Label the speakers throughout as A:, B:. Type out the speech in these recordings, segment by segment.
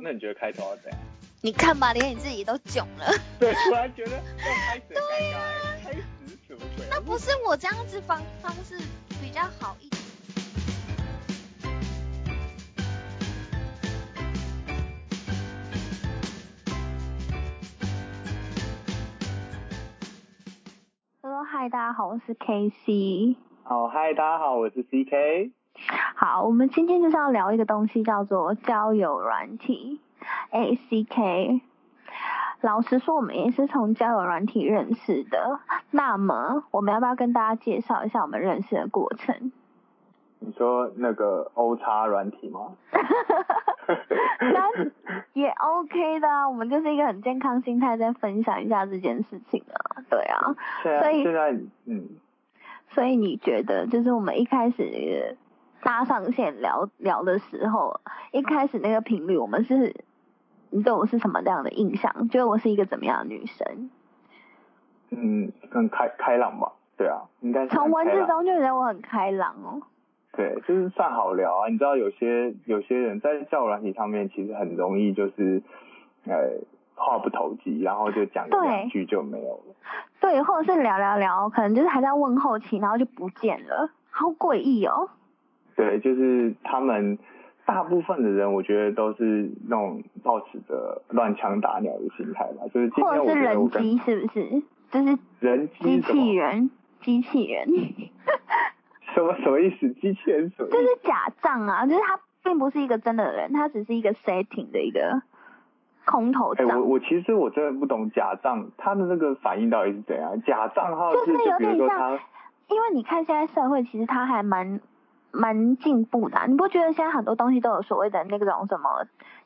A: 那你覺得開頭要怎樣？你看吧，連你自己都囧了。 對，突然覺得要開始什麼，對啊，那不是我這樣子方方式比較好一點。Hello，hi，大家好，我是 KC。
B: 好嗨，大家好，我是 CK。
A: 好，我們今天就是要聊一個東西，叫做交友軟體。A C K，老實說，我們也是從交友軟體認識的。那麼，我們要不要跟大家介紹一下我們認識的過程？你
B: 說那個 OX 軟體嗎？
A: 也 OK 的啊，我們就是一個很健康心態在分享一下這件事情啊，對啊。所以現在，嗯。所以你覺得，就是我們一開始這個搭上線聊聊的時候，一開始那個頻率，我們是，你對我是什麼這樣的印象？覺得我是一個怎麼樣的女生？
B: 嗯，很開開朗吧？對啊，應該是。從文字中
A: 就覺得我很開朗哦、喔。
B: 對，就是算好聊啊。你知道有些有些人，在交友軟體上面其實很容易就是，呃，話不投機，然後就講一句就沒有了
A: 對。對，或者是聊聊聊，可能就是還在問候期，然後就不見了，好詭異哦。
B: 對，就是他們大部分的人，我覺得都是那種抱持着亂槍打鳥的心態吧。就是今天，今天，或者是人機
A: 是不是？就是
B: 人機機器
A: 人、機器人，
B: 什麼 什麼意思？機器人什麼？就
A: 是假賬啊，就是他並不是一個真的、的人，他只是一個 setting 的一個空頭賬欸。我我
B: 其實我真的不懂假賬他的那個反應到底是怎樣？假賬號是就，就是有點像，
A: 因為你看現在社會其實他還蠻。蠻進步的，啊，你不覺得現在很多東西都有所謂的那種什麼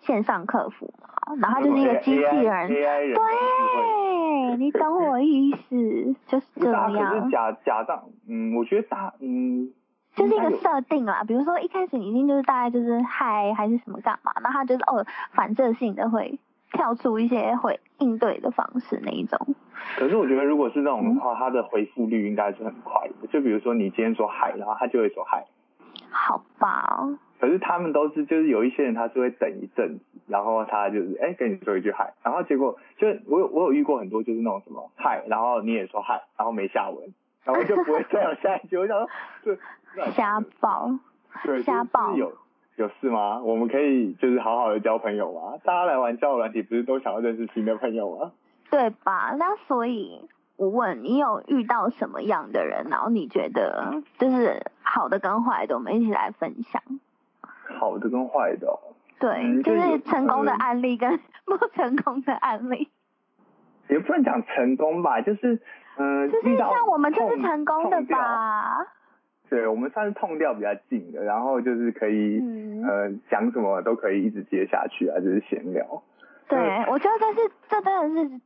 A: 線上客服嗎？然後就是一個機器人，AI, AI, AI 人對，對你懂我意思，對就是這樣。是假
B: 假的，嗯，我覺得大嗯，就是一個設
A: 定啦。嗯，比如說一開始你一定就是大概就是嗨還是什麼幹嘛，然後他就是哦，反射性的會跳出一些會應對的方式那一種。可
B: 是我覺得如果是那種的話，他的回復率應該是很快的。就比如說你今天說嗨，然後他就會說嗨。
A: 好吧，
B: 可是他們都是，就是有一些人他是會等一陣子，然後他就是哎、欸、跟你說一句嗨，然後結果就我有我有遇過很多就是那種什麼嗨，然後你也說嗨，然後沒下文，
A: 然後就不會再有下一句， 我想說就瞎報，瞎報是有
B: 有事嗎？我們可以就是好好的交朋友嗎？大家來玩交友軟體不是都想要認識新的朋友嗎？
A: 對吧？那所以。我問你有遇到什麼樣的人，然後你覺得就是好的跟壞的，我們一起來分享。
B: 好的跟壞的、哦。
A: 對，嗯、就是成功的案例跟、嗯、不成功的案例。
B: 也不能講成功吧，就是嗯，就是像我
A: 們就是成功的吧。
B: 對，我們算是痛掉比較近的，然後就是可以、嗯、呃講什麼都可以一直接下去啊，就是閒聊。
A: 對，嗯、我覺得這是這當然是。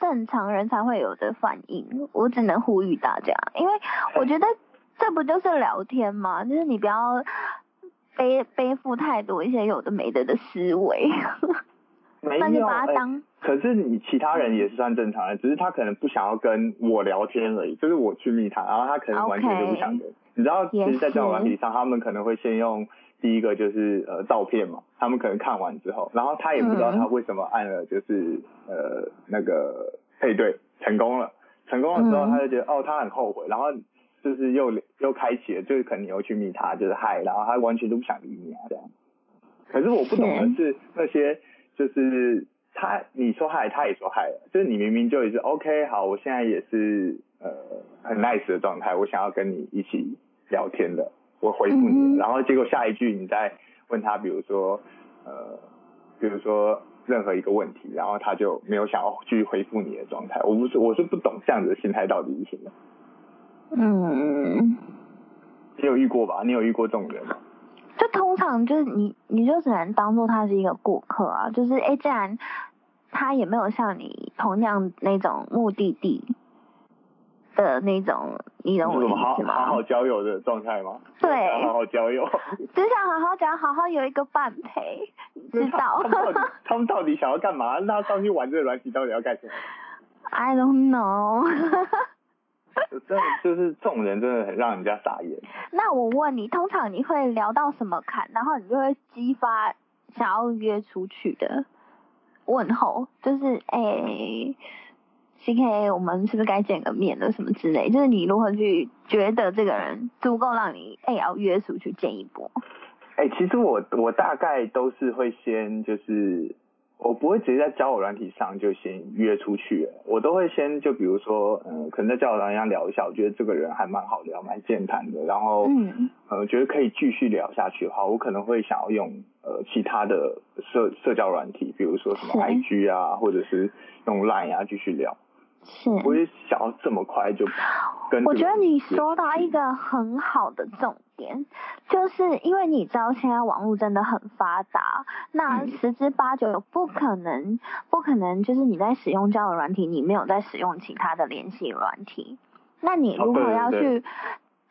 A: 正常人才會有的反應，我只能呼籲大家，因為我覺得這不就是聊天嗎？哎、就是你不要背背負太多一些有的沒的的思維，
B: 沒就有 把他當、哎。可是你其他人也是算正常人，嗯、只是他可能不想要跟我聊天而已，就是我去密他，然後他可能完全就不想跟。Okay, 你知道，其實在這種軟體上，是他們可能會先用。第一個就是呃照片嘛，他們可能看完之後，然後他也不知道他為什麼按了就是、嗯、呃那個配對成功了，成功了之後他就覺得、嗯、哦他很後悔，然後就是又又開啟了，就是可能你又去密他，就是嗨，然後他完全都不想理你啊這樣。
A: 可是我不懂的
B: 是那些就是行他，你說嗨他也說嗨了，就是你明明就一直 OK 好，我現在也是呃很 nice 的狀態，我想要跟你一起聊天的。我回復你，嗯、哼然後結果下一句你再問他，比如說，呃，比如說任何一個問題，然後他就沒有想要去回復你的狀態。我不是，我是不懂這樣子的心態到底是什麼？嗯，嗯，你有遇過吧？你有遇過這種人嗎？
A: 就通常就是你，你就只能當做他是一個過客啊。就是哎，既然他也沒有像你同樣那種目的地，的那種，你懂我意思嗎？什麼好好，好
B: 好交友的狀態嗎？對，好好交友，
A: 只想好好講，好好有一個伴陪，你知道。他
B: 們到， 到底想要幹嘛？那上去玩這個軟體到底要幹什
A: 麼？I don't know 。
B: 真的就是這種人真的很讓人家傻眼。
A: 那我問你，通常你會聊到什麼坎，然後你就會激發想要約出去的問候，就是哎、欸 CK，我們是不是該見個面了？什麼之類，就是你如何去覺得這個人足夠讓你哎要約出去見一波？
B: 哎、欸，其實我我大概都是會先就是我不會直接在交友軟體上就先約出去，我都會先就比如說嗯可能在交友軟體上聊一下，我覺得這個人還蠻好聊蠻健談的，然後嗯呃我覺得可以繼續聊下去的話，我可能會想要用呃其他的社社交軟體，比如說什麼 I G 啊，是或者是用 Line 啊繼續聊。是，我也想要這麼快就跑。我覺得你說到
A: 一個很好的重點，就是因為你知道現在網絡真的很發達，那十之八九有不可能，不可能就是你在使用交友軟體，你沒有在使用其他的聯繫軟體。那你如果要去，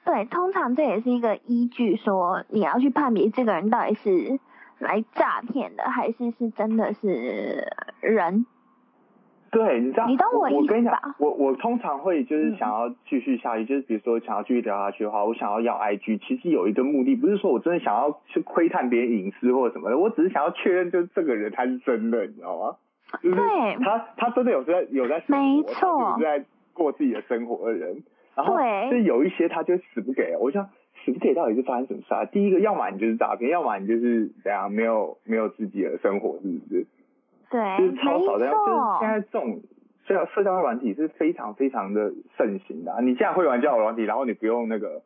A: 對，通常這也是一個依據，說你要去判別這個人到底是來詐騙的，還是是真的是人。對，
B: 你知道你我我，我跟你講，我我通常會就是想要繼續下去，嗯、就是比如說想要繼續聊下去的話，我想要要 I G，其實有一個目的，不是說我真的想要去窺探別人隱私或者什麼的，我只是想要確認，就是這個人他是真的，你知道嗎？就是、對，他他真的有在有在生活，有沒錯在過自己的生活的人，然後是對有一些他就死不給了，我想死不給到底是發生什麼事啊？第一個，要麼你就是詐騙，要麼你就是怎樣沒有沒有自己的生活，是不是？
A: 對，就是超少沒錯錯。就是現在這種
B: 社交社交軟體是非常非常的盛行的啊！你現在會玩交友軟體，然後你不用那個，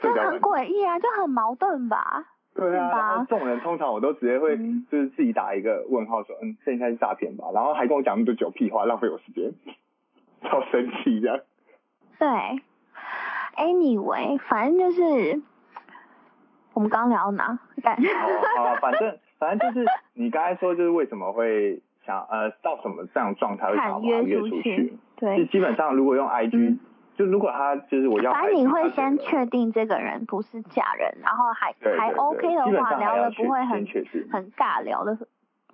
A: 就很詭異啊，就很矛盾吧？對啊，這種吧
B: 人通常我都直接會就是自己打一個問號，說嗯，這應該是詐騙吧？然後還跟我講那麼多酒屁話，浪費我時間，超神奇這
A: 樣。對，anyway 反正就是我們剛聊呢，感，啊，反正。
B: 反正就是你剛才說，就是為什麼會想呃到什麼這樣狀態會想辦法約出去？對，就基本上如果用 IG、嗯、就如果他就是我要的。反正你會
A: 先確定這個人不是假人，然後還對對對還 OK 的話，對對對聊的不會很很尬聊的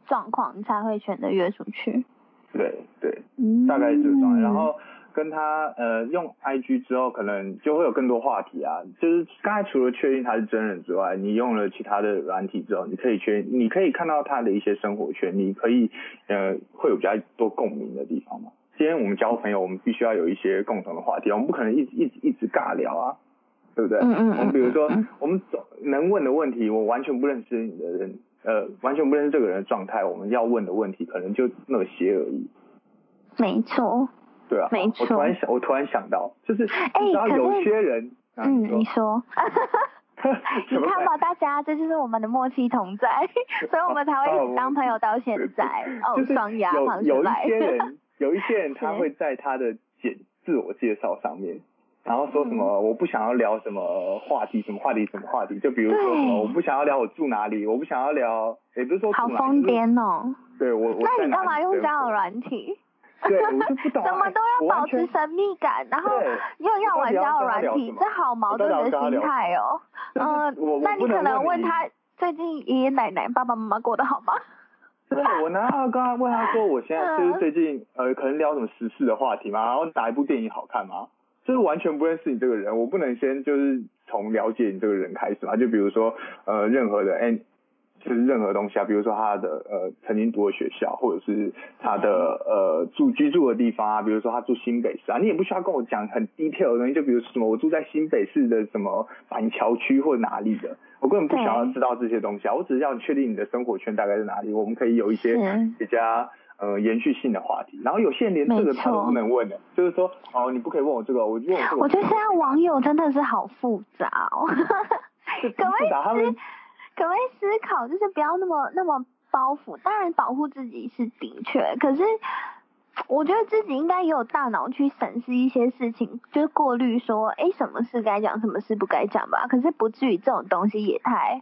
A: 狀況，你才會選擇約出去。對
B: 對，大概就這樣，嗯、然後。跟他呃用 IG 之後，可能就會有更多話題啊。就是剛才除了確定他是真人之外，你用了其他的軟體之後，你可以確定，你可以看到他的一些生活圈，你可以呃會有比較多共鳴的地方嘛。因為我們交朋友，我們必須要有一些共同的話題，我們不可能一直一直一直尬聊啊，對不對？嗯嗯嗯嗯，我們比如說，我們總能問的問題，我完全不認識你的人，呃，完全不認識這個人的狀態，我們要問的問題可能就那麼些而已。
A: 沒錯。
B: 對啊，沒錯。我突然想，我
A: 突然想到，就是，哎，有些人，嗯，你說，你看吧，大家，這就是我們的默契同在，所以我們才會一直當朋友到現在，哦，雙牙就是
B: 有有一些人，有一些人他會在他的簡自我介紹上面，然後說什麼我不想要聊什麼話題，什麼話題，什麼話題，就比如說我不想要聊我住哪裡，我不想要聊，也不是說。好瘋癲
A: 哦！對，我那你幹嘛用這樣的軟體？對，不懂啊、 怎麼都要保持神秘感，對然後又要玩交友軟體，這好矛盾的心態哦。呃、嗯，我那你可能問，問他最近爺爺奶奶、爸爸媽媽過得好嗎？對，我那剛剛問他說，我現在就是最
B: 近 呃，可能聊什麼時事的話題嘛，然後哪一部電影好看嘛？就是完全不認識你這個人，我不能先就是從了解你這個人開始嘛？就比如說呃，任何的。欸是任何東西啊，比如說他的呃曾經讀的學校，或者是他的呃住居住的地方啊，比如說他住新北市啊，你也不需要跟我講很 detail 的東西，就比如說什麼我住在新北市的什麼板橋區或哪裡的，我根本不想要知道這些東西啊，對我只是要你確定你的生活圈大概在哪裡，我們可以有一些是比較呃延續性的話題。然後有些連這個他都不能問的，錯就是說哦，你不可以問我這個，我問我這個，我覺得現在
A: 網友真的是好複雜哦， 可複學會思考，就是不要那麼那麼包袱。當然保護自己是的確，可是我覺得自己應該也有大腦去審視一些事情，就是過濾說，哎、欸，什麼事該講，什麼事不該講吧。可是不至於這種東西也太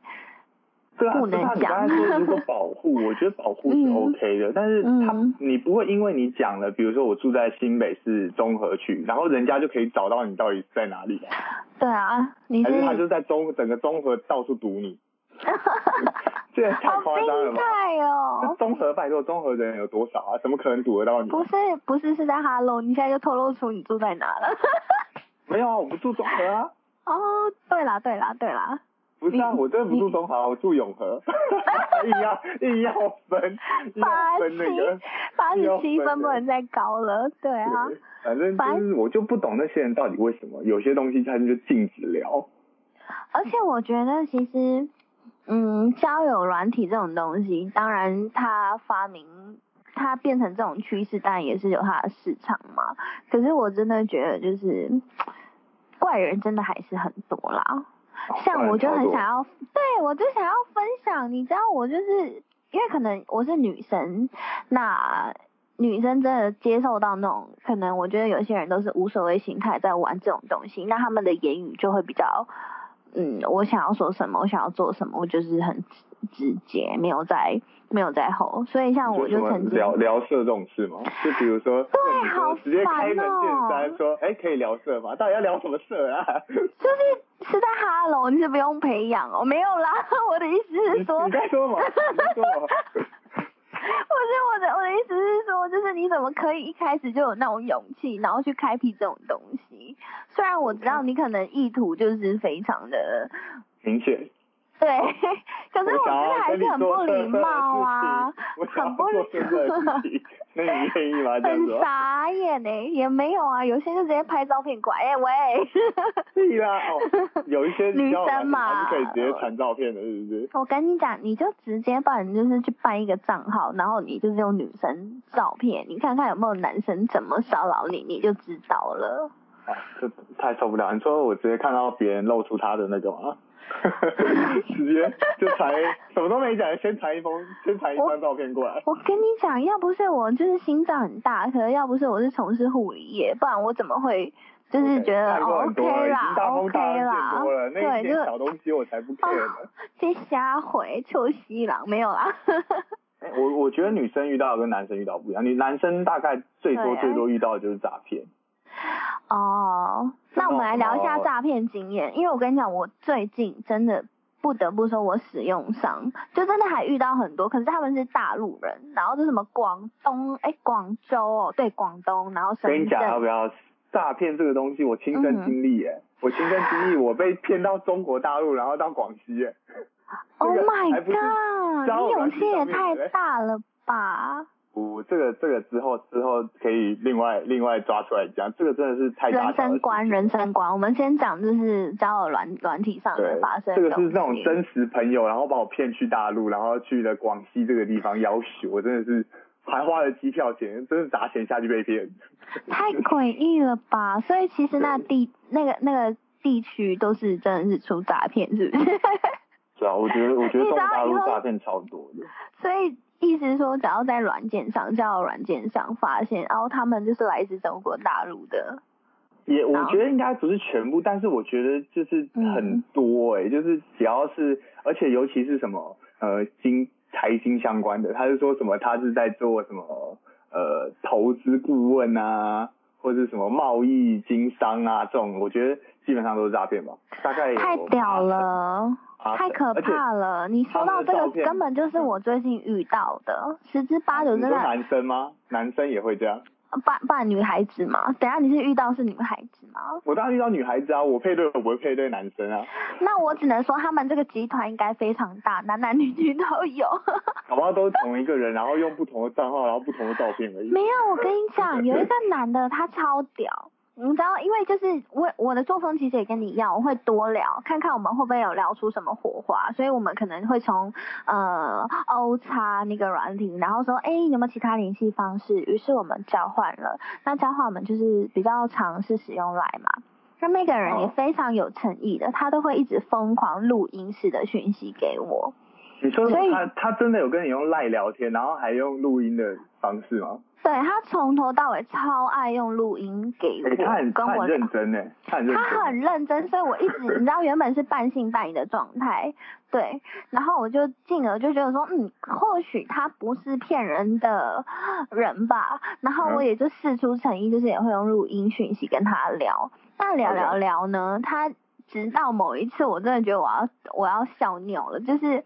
B: 不能講、啊。對啊，如果保護， 我覺得保護是 OK 的，嗯、但是他、嗯、你不會因為你講了，比如說我住在新北市綜合區，然後人家就可以找到你到底在哪裡、啊？
A: 對啊，你是，是他就
B: 在中整個綜合到處堵你？哈哈哈哈哈，這也 太誇
A: 張哦，
B: 中和，拜託中和人有多少啊？怎麼可能堵得到你？不
A: 是不是，不是，是在哈嘍，你現在就透露，出你住在哪了？ 沒有啊，我不住中和啊。哦，對啦對啦對啦。對啦，不是啊，我
B: 真的不住中和，你我住永和。 一硬要硬要分，
A: 要分八十七，八十七分不能再高了，對啊。
B: 對，反正就是我就不懂那些人到底為什麼，有些東西他們就禁止聊。
A: 嗯、而且我覺得其實。嗯，交友軟體這種東西，當然它發明、它變成這種趨勢，但也是有它的市場嘛。可是我真的覺得，就是怪人真的還是很多啦。好，怪人超多。像我就很想要，對我就想要分享。你知道，我就是因為可能我是女生，那女生真的接受到那種，可能我覺得有些人都是無所謂形態在玩這種東西，那他們的言語就會比較。嗯，我想要說什麼，我想要做什麼，我就是很直接，沒有在，沒有在吼。所以像我就曾經聊聊
B: 色這種事嘛，就比如說，對，好煩哦、喔。直接開門見山說，哎、欸，可以聊色吧，到底要聊什麼色啊？
A: 就是是在哈嘍，你是不用培養哦、喔，沒有啦。我的意思是說，你再說嘛，你說。你 不是我的，我的意思是說，就是你怎麼可以一開始就有那種勇氣，然後去開闢這種東西？雖然我知道你可能意圖就是非常的明顯確，對，可是我覺得還是很不禮貌啊，
B: 很不禮貌。 你願意嗎？這
A: 嗎，很傻眼呢。欸，也沒有啊，有些人就直接拍照片，拐個、欸、喂，對 啊、
B: 哦，有一些有生女生
A: 嘛，就可以直接傳照片的，是不是？我跟你講，你就直接辦，就是去辦一個賬號，然後你就是用女生照片，你看看有沒有男生怎麼騷擾你，你就知道了、
B: 啊。這太受不了！你說我直接看到別人露出他的那種啊。直接 就傳， 什麼都沒講，先傳一封，先傳一張照片過
A: 來。我，我跟你講，要不是我就是心臟很大，可是要不是我是從事護理業，不然我怎麼會就是覺得 OK 啦、哦、，OK 啦多了。Okay 啦那些小東西
B: 我才不看呢。
A: 先瞎回，臭西郎，沒有啦
B: 我我覺得女生遇到跟男生遇到不一樣，你男生大概最多最多、啊、遇到的就是詐騙。
A: 哦。Oh. 那我們來聊一下詐騙經驗，因為我跟你講，我最近真的不得不說，我使用上就真的還遇到很多，可是他們是大陸人，然後是什麼廣東，欸，廣州哦，對廣東，然後跟你講要不
B: 要詐騙這個東西，我親身經歷，嗯哼，我親身經歷，誒，我親身經歷，我被騙到中國大陸，然後到廣西哎
A: ，Oh my god，你勇氣也太大了吧！
B: 這個這個之後之後可以另外另外抓出來講，這個真的是太大的。人生
A: 觀人生觀，我們先講就是交友軟軟體上的發生，這個是那種真
B: 實朋友，然後把我騙去大陸，然後去了廣西這個地方要求，我真的是還花了機票錢，真是砸錢下去被騙。
A: 太詭異了吧？所以其實那地對那個那個地區都是真的是出詐騙，是
B: 不是？對啊，我覺得我覺得中國大陸詐騙超多的。以
A: 所以。意思是說，只要在軟件上，叫軟件上發現，然、哦、後他們就是來自中國大陸的。
B: 也，我覺得應該不是全部，但是我覺得就是很多哎、欸，嗯、就是只要是，而且尤其是什麼，呃，金財經相關的，他是說什麼，他是在做什麼，呃，投資顧問啊，或者是什麼貿易經商啊，這種，我覺得基本上都是詐騙吧，大概有。太屌
A: 了。太可怕了！且你說到這個，根本就是我最近遇到的，的十之八九真的是男
B: 生嗎？男生也會這樣？
A: 扮扮女孩子嗎？等下你是遇到是女孩子嗎？
B: 我當然遇到女孩子啊！我配對我不會配對男生啊。
A: 那我只能說他們這個集團應該非常大，男男女女都有。
B: 好 不好？都是同一個人，然後用不同的賬號，然後不同的照片而已。沒
A: 有，我跟你講， 有一個男的他超屌。你知道，因為就是我我的作風其實也跟你一樣，我會多聊，看看我們會不會有聊出什麼火花，所以我們可能會從呃 OX 那個軟體，然後說哎、欸、有沒有其他聯繫方式，於是我們交換了，那交換我們就是比較嘗試使用賴嘛，那那個人也非常有誠意的，哦、他都會一直瘋狂錄音式的訊息給我。你說
B: 他所以他真的有跟你用賴聊天，然後還用錄音的方式嗎？
A: 對，他從頭到尾超愛用錄音給我，跟我、欸、認真呢，他很，他很認真耶，他很認真，所以我一直你知道原本是半信半疑的狀態， 對，然後我就進而就覺得說，嗯，或許他不是騙人的人吧，然後我也就釋出誠意，嗯、就是也會用錄音訊息跟他聊，但聊聊聊呢，Okay. 他直到某一次我真的覺得我要我要笑尿了，就是。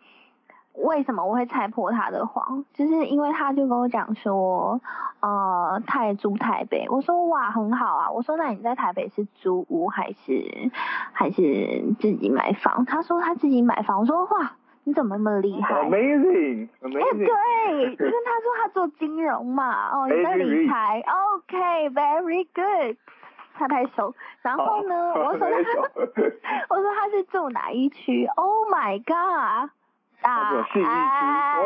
A: 為什麼我會拆破他的謊？就是因為他就跟我講說，呃，他也住台北。我說哇，很好啊。我說那你在台北是租屋還是還是自己買房？他說他自己買房。我說哇，你怎麼那麼厲害？Amazing！、
B: 欸、對，因為
A: 他說他做金融嘛，哦，你在理財？OK，very good。他太熟。然後呢，好我說他，我說他是住哪一區？Oh my god！那種 CBD 哦，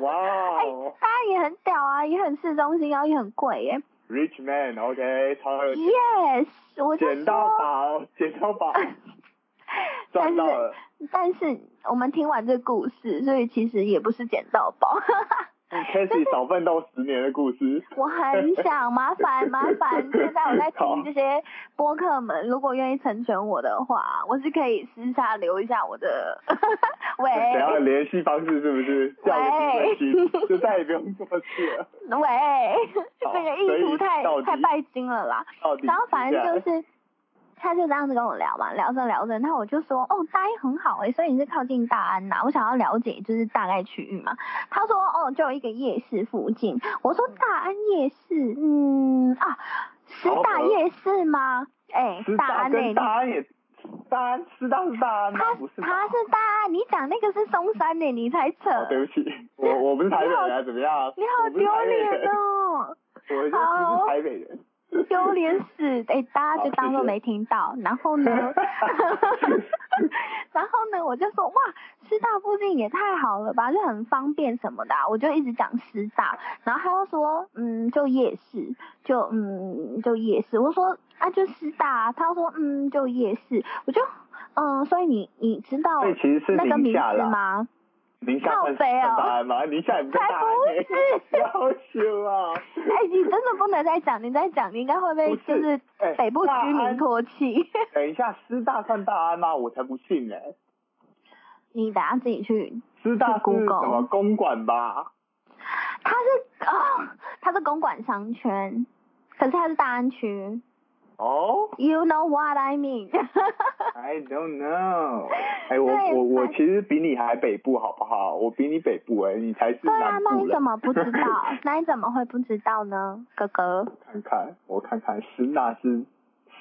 A: 哇哦！他、 哎啊、也很屌啊，也很市中心、啊，然後也很貴耶。
B: Rich man，OK，Yes，、okay, 我就
A: 說撿 到
B: 寶了，撿到寶，
A: 但是，但是我們聽完這個故事，所以其實也不是撿到寶。
B: 開始少奮鬥十年的故事。我
A: 很想麻煩麻煩，現在我在聽這些播客們，好如果願意成全我的話，我是可以私下留一下我的， 喂。想要
B: 聯繫方式是不是？喂。就再也不用
A: 做事了。喂，好這個意圖太太拜金了啦。然後反正就是。他就這樣子跟我聊嘛，聊着聊着，然後我就說哦，大安很好哎、欸，所以你是靠近大安吶、啊？我想要了解就是大概區域嘛。他說哦，就有一個夜市附近。我說大安夜市，嗯啊，師大夜市嗎？哎，呃欸、大，大安、欸、跟師大，你大，大安師大是大安，他不是安他，他是大安，你講那個是松山呢、欸？你才扯、哦。對不起，
B: 我我不是台北人，啊 好。怎麼樣？你好丟臉哦，我就是台北人。
A: 丟臉死！哎、欸，大家就當做沒聽到。 然後呢， 然後呢，我就說哇，師大附近也太好了吧，就很方便什麼的、啊。我就一直講師大，然後他又說嗯，就夜市，就嗯就夜市。我說啊，就師大。他說嗯，就夜市。我就嗯，所以你你知道那個名字嗎？
B: 寧夏很大嗎？寧夏也不
A: 大嗎。才不是！哎、啊欸，你真的不能再講，你再講，你應該會被就是
B: 北部居民唾棄、欸。等一下，師大算大安嗎？我才不信呢、欸。
A: 你等下自己去師大
B: 師什麼公館吧。
A: 它是啊，它、呃、是公館商圈，可是它是大安區。
B: 哦、oh?，You
A: know what I mean?
B: I don't know、hey,。哎， 我我我其實比你還北部好不好？我比你北部哎、欸，你才是南部人。對啊，那你怎麼不知道？
A: 那你怎麼會不知道呢，哥哥？看
B: 看，我看看，是那是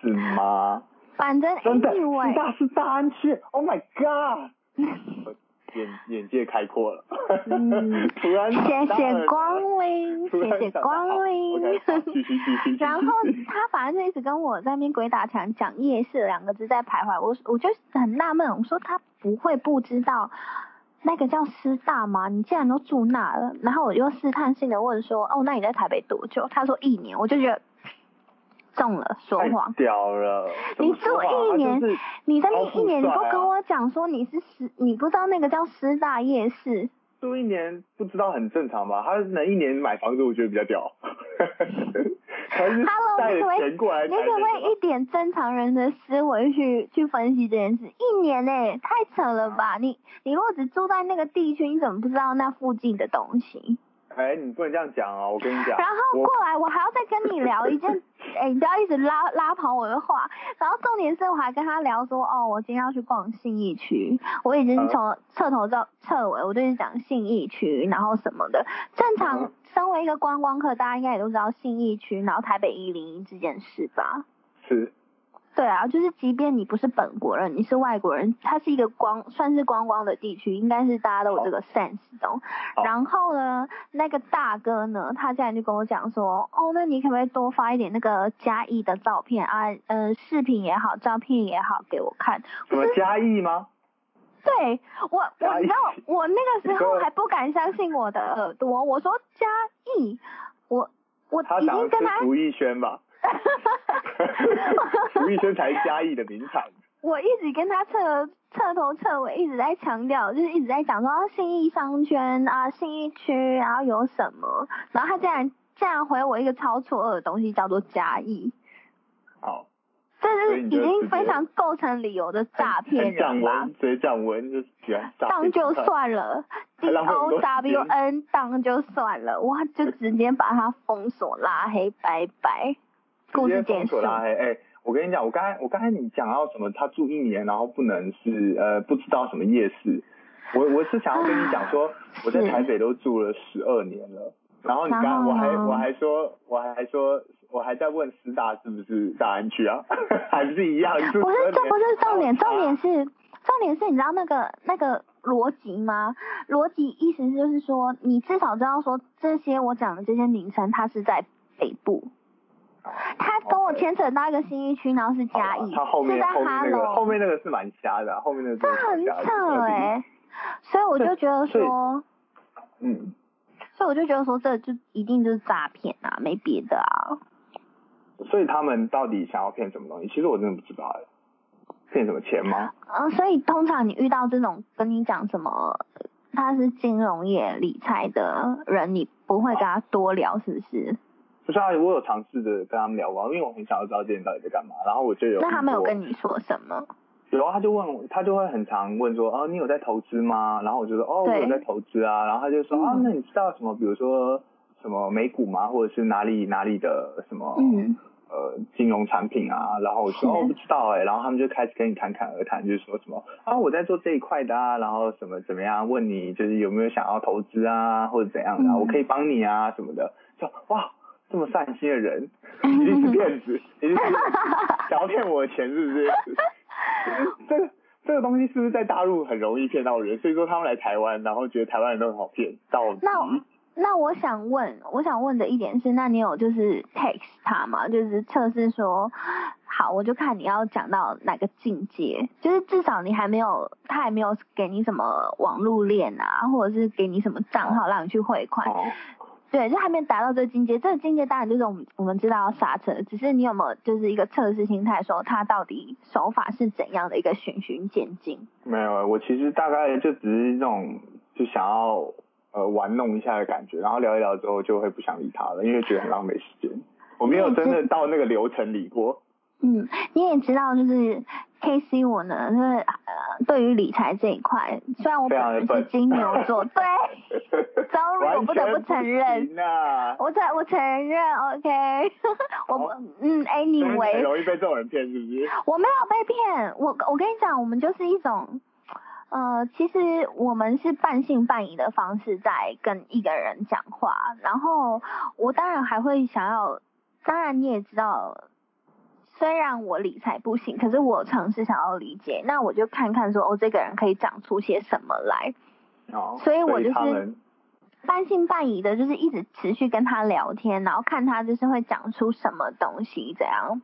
B: 是嗎？
A: 反正真的，欸、是大是大安區。Oh my god！
B: 眼眼界開闊
A: 了、嗯、了，嗯、突然想到謝謝光臨，謝謝光臨，去去去去 然後他反正就一直跟我在那邊鬼打牆講夜市兩個字在徘徊，我我就很納悶，我說他不會不知道那個叫師大嗎？你竟然都住那了，然後我就試探性的問說，哦，那你在台北多久？他說一年，我就覺得。中了說謊，屌了！你住一年，啊真啊、你在那一年你不跟我講說你是師，你不知道那個叫師大夜市。住一年不知道很正常吧？他
B: 能一年買房子，我覺得比較屌。還 是帶着錢過來才 Hello。你可不可以
A: 一點正常人的思維去去分析這件事？一年哎、欸，太扯了吧！你你如果只住在那個地區，你怎麼不知道那附近的東西？
B: 哎、欸，你不能這樣講哦、啊，我跟你講。然後過來，
A: 我還要再跟你聊一件。哎、 欸，你不要一直拉拉跑我的話。然後重點是，我還跟他聊說，哦，我今天要去逛信義區。我已經從徹、啊、頭到徹尾，我都是講信義區，然後什麼的。正常，身為一個觀光客，嗯、大家應該也都知道信義區，然後台北一零一這件事吧？是。對啊，就是即便你不是本國人，你是外國人，他是一個光算是觀光的地區，應該是大家都有這個 sense，的。然後呢，那個大哥呢，他這樣就跟我講說，哦，那你可不可以多發一點那個嘉義的照片啊，嗯、呃，視頻也好，照片也好給我看。我什麼嘉義嗎？對，我義我然後我那個時候還不敢相信我的耳朵，我說嘉義，我我已經跟他。他吳
B: 亦軒吧？
A: 哈
B: 哈，醫生才嘉義的名場，
A: 我一直跟他徹徹頭徹尾一直在強調，就是一直在講說、啊、信義商圈啊、信義區然後有什麼，然後他竟然竟然回我一個超錯愕的東西，叫做嘉義。好。這是已經非常構成理由的詐騙嘛。
B: 嘴講文，
A: 文就喜歡當就算了，D O W N 當就算了，我就直接把他封鎖拉黑白白，拜拜。故意點錯拉黑，
B: 哎、欸欸，我跟你講，我剛才我剛才你講到什麼，他住一年，然後不能是呃不知道什麼夜市，我我是想要跟你講說，嗯、我在台北都住了十二年了，是然後你剛我還我還說我還說,我還,說我還在問師大是不是大安區啊， 還是一樣，不是這不是
A: 重點，重點是重點是你知道那個那個邏輯嗎？邏輯意思就是說，你至少知道說這些我講的這些名稱，它是在北部。他跟我牽扯到一個新一區，然後是嘉義，okay. 啊、他後面是在哈囉、那個、後
B: 面那個是蠻瞎的，啊，後面那個的、啊、這很扯哎、欸、
A: 啊、所以我就覺得說，嗯，所以我就覺得說這就一定就是詐騙啊，沒別的啊。
B: 所以他們到底想要騙什麼東西？其實我真的不知道哎，騙什麼錢嗎？
A: 嗯，所以通常你遇到這種跟你講什麼他是金融業理財的人，你不會跟他多聊，是不是？
B: 不是，我有嘗試着跟他們聊過，因為我很想要知道這些人到底在幹嘛。然後我就有。那他們有跟你說什麼？然後他就問我，他就會很常問說：“哦、啊，你有在投資嗎？”然後我就說：“哦，對我有在投資啊。”然後他就說：“嗯、啊，那你知道什麼？比如說什麼美股嗎？或者是哪裡哪裡的什麼、嗯、呃金融產品啊？”然後我說：“是哦，我不知道哎、欸。”然後他們就開始跟你侃侃而談，就是說什麼：“啊，我在做這一塊的啊，然後什麼怎麼樣？問你就是有沒有想要投資啊，或者怎樣的？嗯、我可以幫你啊，什麼的。就”就哇。這麼善心的人一定是騙子， 一定
A: 是
B: 想要騙我的錢，是不是？ 這個這個東西是不是在大陸很容易騙到人？所以說他們來台灣，然後覺得台灣人都很好騙，到底？那
A: 那我想問，我想問的一點是，那你有就是 text 他嗎？就是測試說，好，我就看你要講到哪個境界，就是至少你還沒有，他還沒有給你什麼網路鏈啊，或者是給你什麼賬號讓你去匯款。對，就還沒達到這個境界。這個境界當然就是我們我們知道要剎車，只是你有沒有就是一個測試心態，說他到底手法是怎樣的一個循循漸進？
B: 沒有，我其實大概就只是一種就想要呃玩弄一下的感覺，然後聊一聊之後就會不想理他了，因為覺得很浪費時間。我沒有真的到那個流程裡過。
A: 嗯，你也知道，就是 K C 我呢，就是呃，對於理財這一塊，雖然我本人是金牛座， 對，所不得不承認，啊、我承我承認，OK， 我、哦、嗯、愛、欸、你以為。容易被
B: 這種人騙是不是？我
A: 沒有被騙，我我跟你講，我們就是一種，呃，其實我們是半信半疑的方式在跟一個人講話，然後我當然還會想要，當然你也知道。雖然我理財不行，可是我嘗試想要理解，那我就看看說哦，這個人可以講出些什麼來。哦，oh, 所以我就是半信半疑的，就是一直持續跟他聊天，然後看他就是會講出什麼東西這樣。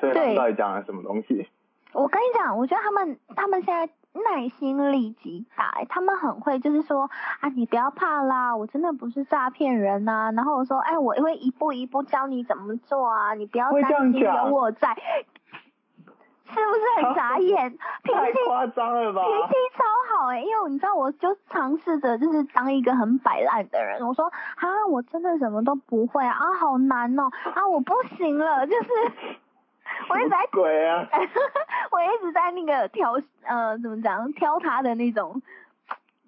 B: 所以他們到底講了什麼東西？
A: 對。我跟你講，我覺得他們他們現在。耐心力極大、欸，他們很會，就是說啊，你不要怕啦，我真的不是詐騙人吶、啊。然後我說，哎、欸，我會一步一步教你怎麼做啊，你不要擔心，有我在，是不是很眨眼？啊、脾氣，太誇張了吧？脾氣超好哎、欸，因為你知道，我就嘗試着就是當一個很擺爛的人，我說啊，我真的什麼都不會啊，啊好難哦、喔、啊，我不行了，就是屈我一直在。鬼啊？ 我一直在那個挑呃怎麼講挑他的那種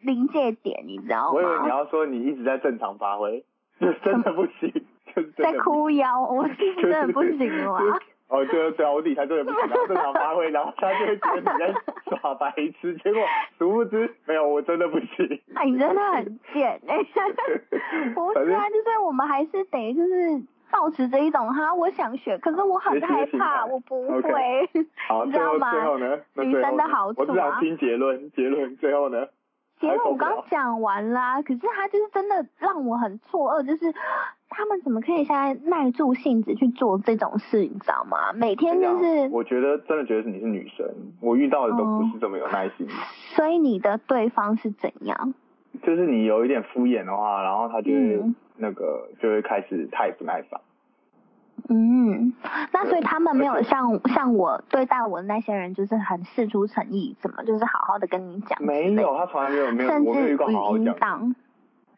A: 臨界點，你知道嗎？我以為你要
B: 說你一直在正常發揮，就真的不
A: 行， 就真的不行。在哭腰，我真的不行了、就
B: 是就是。哦對對啊，我底下都在正常發揮， 然後他就會覺得你在耍白痴， 結果。殊不知沒有，我真的不行。
A: 哎、啊，你真的很賤哎、欸！
B: 不反正
A: 就是我們還是得就是。抱持這一種哈，我想選，可是我很害怕，心的心我不會，Okay. 好你知道嗎？最後呢？後呢女生的好處、啊。我只想聽
B: 結論，結論最後呢？
A: 結論論我剛講完啦、啊，可是他就是真的讓我很錯愕，就是他們怎麼可以現在耐住性子去做這種事，你知道嗎？每天就是，
B: 我覺得真的覺得你是女生，我遇到的都不是這麼有耐心、
A: 嗯。所以你的對方是怎樣？
B: 就是你有一點敷衍的話，然後他就是那個、嗯、就會開始太不耐煩。嗯，
A: 那所以他們沒有像且像我對待我的那些人，就是很釋出誠意，怎麼就是好好的跟你講，沒，吧沒有，他從來沒有沒有，甚至語音檔，音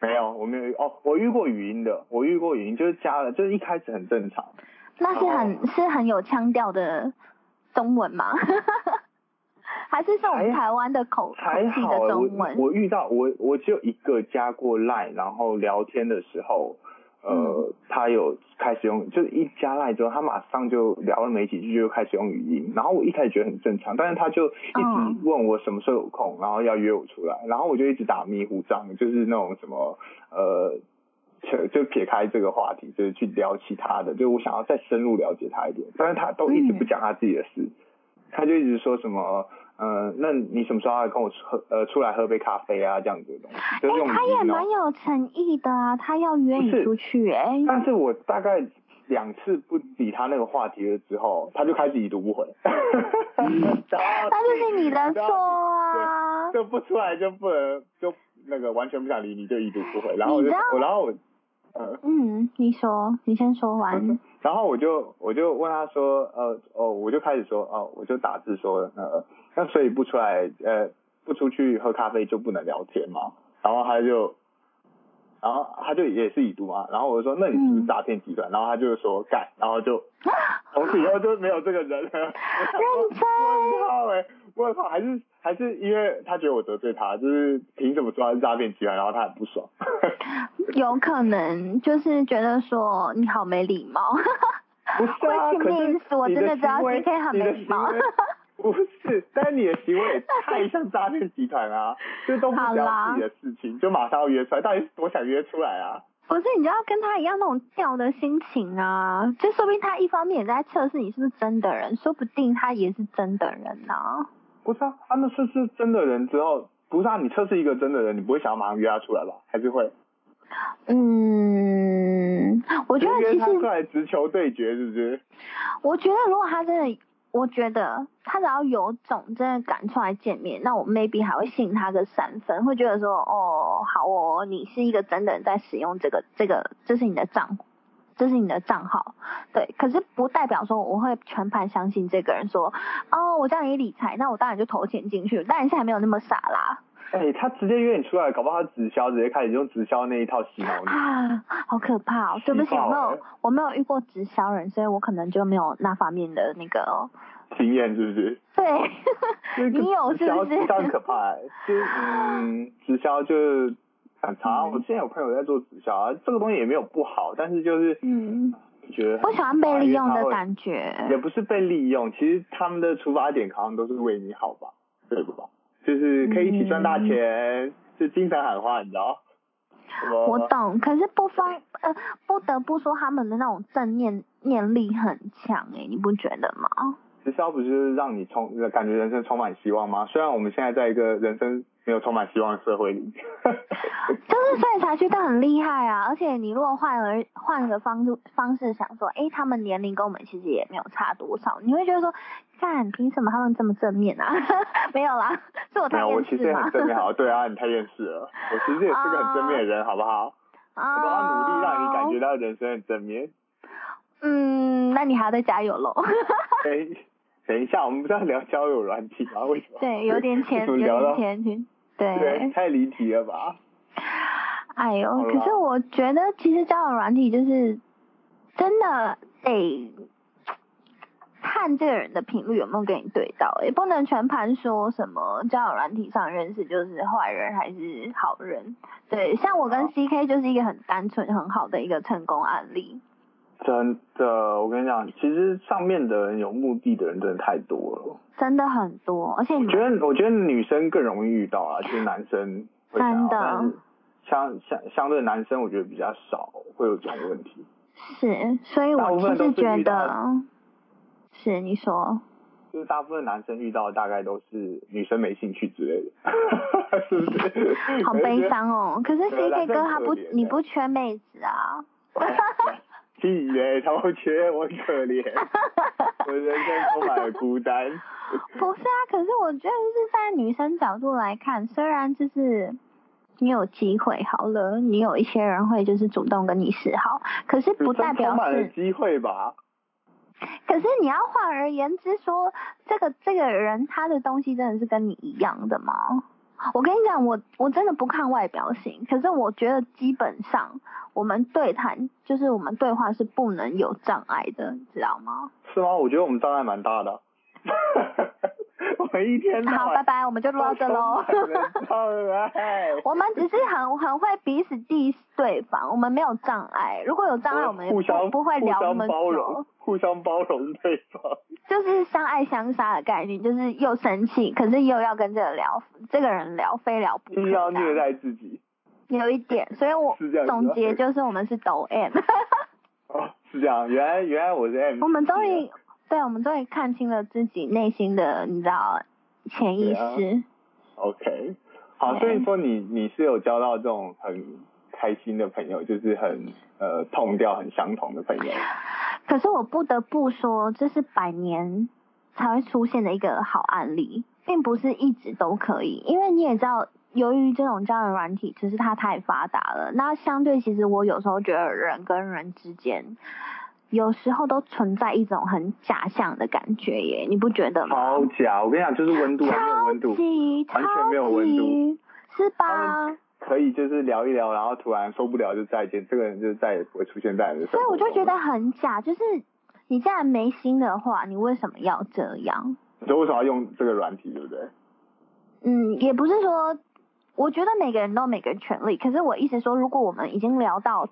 B: 沒有，我沒有遇哦，我遇過語音的，我遇過語音就是加了，就是一開始很正常。
A: 那是很後是很有腔調的中文嗎？ 還是像我們台灣的口才、口氣的中文。我，我遇
B: 到我我只有一個加過 Line，然後聊天的時候，呃，嗯、他有開始用，就是一加 Line 之後，他馬上就聊了沒幾句，就開始用語音。然後我一開始覺得很正常，但是他就一直問我什麼時候有空，然後要約我出來。嗯、然後我就一直打迷糊仗，就是那種什麼呃，就就撇開這個話題，就是去聊其他的，就是我想要再深入了解他一點。但是他都一直不講他自己的事，嗯、他就一直說什麼。呃、嗯，那你什麼時候要跟我喝呃出來喝杯咖啡啊這樣子的東西？哎、就是欸，他也蠻
A: 有誠意的啊，他要約你出
B: 去哎、欸。但是我大概兩次不理他那個話題了之後，他就開始已讀不回。
A: 哈、 嗯、到那就是你的錯啊。就
B: 不出來就不能就那個完全不想理你，就已讀不回。然後我就我
A: 然後我嗯、呃、嗯，你說你先說完。
B: 嗯、然後我就我就問他說呃哦，我就開始說哦，我就打字說了呃。那所以不出來，呃，不出去喝咖啡就不能聊天嘛。然後他就，然後他就也是已讀嘛。然後我就說，那你是不是詐騙集團？嗯、然後他就說幹，然後就從此以後就沒有這個人了。認真。我靠哎，我靠、欸，我還是還是因為他覺得我得罪他，就是憑什麼說他是詐騙集團，然後他很不爽。
A: 有可能就是覺得說你好沒禮貌， 不是、啊。m 我真的知道 CK 很沒禮貌。
B: 不是，但是你的行為也太像詐騙集團了，啊， 就都不知道自己的事情，啦就馬上要約出來，到底是多想約出來啊？
A: 不是，你就要跟他一樣那種吊的心情啊，這說不定他一方面也在測試你是不是真的人，說不定他也是真的人呢，啊。
B: 不是啊，他們是是真的人之後，不是啊，你測試一個真的人，你不會想要馬上約他出來吧？還是會？
A: 嗯，我覺得其實。
B: 他直球對決是不是？
A: 我覺得如果他真的。我覺得他只要有種真的敢出來見面，那我 maybe 還會信他個三分，會覺得說，哦，好哦，你是一個真的人在使用這個，這個這是你的賬，這是你的賬號，對。可是不代表說我會全盤相信這個人，說，哦，我叫你理財，那我當然就投錢進去，當然現在還沒有那麼傻啦。
B: 哎、欸，他直接約你出來，搞不好他直銷直接開始用直銷那一套洗腦啊，
A: 好可怕、哦！對不起，我沒有，我沒有遇過直銷人，所以我可能就沒有那方面的那個、哦、經驗，是不是？對，欸、你有是不是？非常可怕就是嗯，
B: 直銷就是反常。常常我之前有朋友在做直銷、嗯啊，這個東西也沒有不好，但是就是嗯，覺得不喜歡被利用的
A: 感覺。也
B: 不是被利用，其實他們的出發點好像都是為你好吧，對不吧？就是可以一起賺大錢，嗯、就精神喊話，你知
A: 道？我懂， 可是不方呃，不得不說他們的那種正念念力很強哎，你不覺得嗎？
B: 直銷不是，就是讓你充感覺人生充滿希望嗎？雖然我們現在在一個人生。沒有充滿希望的
A: 社會裡， 就是所以才覺得很厲害啊！而且你如果換而換個方方式想說，哎，他們年齡跟我們其實也沒有差多少，你會覺得說，看憑什麼他們這麼正面啊？ 沒有啦，是我太厭世嗎？我其實也很正面，
B: 好，對啊，你太厭世了，我其實也是個很正面的人，uh, 好不好？Uh, 我都
A: 要努力讓你感覺
B: 到人生很正面。
A: 嗯，那你還要再加油嘍？哎、
B: 欸，等一下，我們不是要聊交友軟體嗎、啊？為什麼？對，有點淺， 聊有
A: 對，
B: 對太離
A: 題了吧？哎呦，了可是我覺得其實交友軟體就是真的得看這個人的頻率有沒有跟你對到，也不能全盤說什麼交友軟體上認識就是壞人還是好人。對，像我跟 CK 就是一個很單純很好的一個成功案例。
B: 真的，我跟你講，其實上面的人有目的的人真的太多了，
A: 真的很多。而
B: 且我覺得，我覺得女生更容易遇到啊，就是男生會，真的，相相相對男生，我覺得比較少會有這種問題。
A: 是，所以我其實覺得，是，是你說，
B: 就是大部分男生遇到的大概都是女生沒興趣之類的， 是不是？好悲傷
A: 哦，可是，可是 CK 哥他不，他不你不缺妹子啊。
B: 屁嘞，他、欸、我可憐，我人生充滿了孤
A: 單。 不是啊，可是我覺得是在女生角度來看，雖然就是你有機會好了，你有一些人會就是主動跟你示好，可是不代表是機會吧。可是你要換而言之說，這個這個人他的東西真的是跟你一樣的嗎？我跟你講，我我真的不看外表型，可是我覺得基本上我們對談就是我們對話是不能有障礙的，你知道嗎？
B: 是嗎？我覺得我們障礙蠻大的。
A: 我一天好，拜拜，我們就錄到這嘍。好，拜拜。 我們只是很很會彼此敵對方，我們沒有障礙。如果有障礙，我們互相不會聊，我們包容，
B: 互相包容對方。
A: 就是相愛相殺的概念，就是又生氣，可是又要跟這個聊，這個人聊非聊不可。一定要
B: 虐待自己。
A: 有一點，所以我總結就是我們是抖 M、oh。哦 oh，
B: 是這樣，原來原來我是 M，我們終
A: 於。 對，我們終於看清了自己內心的，你知道潛意識、
B: 啊。OK，好，所以你說你你是有交到這種很開心的朋友，就是很呃痛掉很相同的朋友。
A: 可是我不得不說，這是百年才會出現的一個好案例，並不是一直都可以。因為你也知道，由於這種這樣的軟體，其實它太發達了，那相對其實我有時候覺得人跟人之間。有時候都存在一種很假象的感覺耶，你不覺得嗎？超假！我跟你講，就是溫度還沒有溫度，完全沒有溫度，是吧？
B: 可以就是聊一聊，然後突然受不了就再見，這個人就再也不會出現在你的生活。所以我就覺得
A: 很假，就是你既然沒心的話，你為什麼要這樣？
B: 你為什麼要用這個軟體，對不對？
A: 嗯，也不是說，我覺得每個人都每個人權利，可是我意思說，如果我們已經聊到。